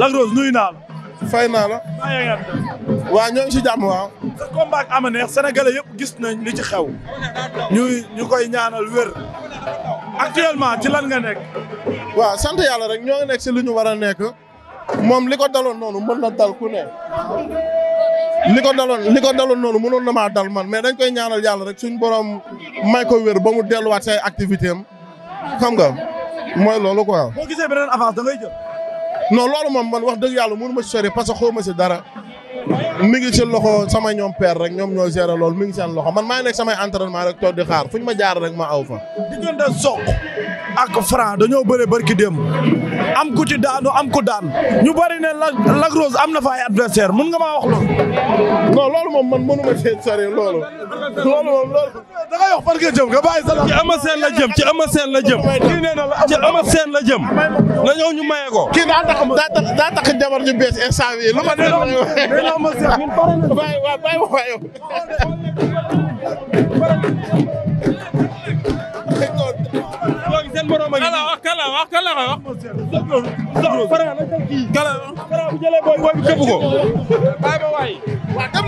Lac Rose nuyu naa la. fay naa la. waaw ñoo ngi si jàmm waaw. sa combat Ama Neex sénégalais yëpp gis nañ li ci xew. ñuy ñu koy ñaanal wér. actuellement ci lan nga nekk. waaw sant yàlla rek ñoo ngi nekk si lu ñu war a nekk. moom li ko daloon noonu mën na dal ku ne. li ko daloon li ko daloon noonu mënoon na maa dal man mais dañ koy ñaanal yàlla rek suñ borom may ko wér ba mu delluwaat say activité am xam mooy loolu ko boo gisee beneen avance da ngay non loolu moom man wax dëgg yàlla mënu ma si sori parce que xaw ma si dara mi ngi si loxo sama ñoom père rek ñoom ñoo gérer loolu mi ngi seen loxo man maa ngi nekk samay entraînement rek toog di xaar fu ñu ma jaar rek ma aw fa. diggante Sokh ak Franc dañoo bëre barki démb am ku ci daanu am ku daan ñu bëri ne Lac Rose am na fa ay adversaire mun nga maa wax loolu. non loolu moom man mënu ma si sori loolu. da nga yox fan jëm nga bàyyi seen la jëm ci ama seen la jëm la ci ama seen la na ñëw ñu maye ko kii lu ma dee na ama seen ñun pare a